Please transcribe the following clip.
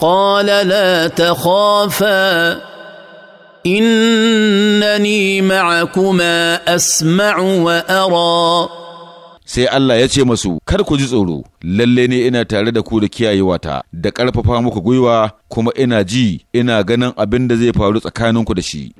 قال لا تخافا إنني معكما أسمع وأرى sai Allah ya ce masu kar ku ji tsoro lalle ne ina tare da ku da kiyayewa ta, da ƙarfafa muku gwiwa kuma ina ji ina ganin abin da zai faru tsakaninku da shi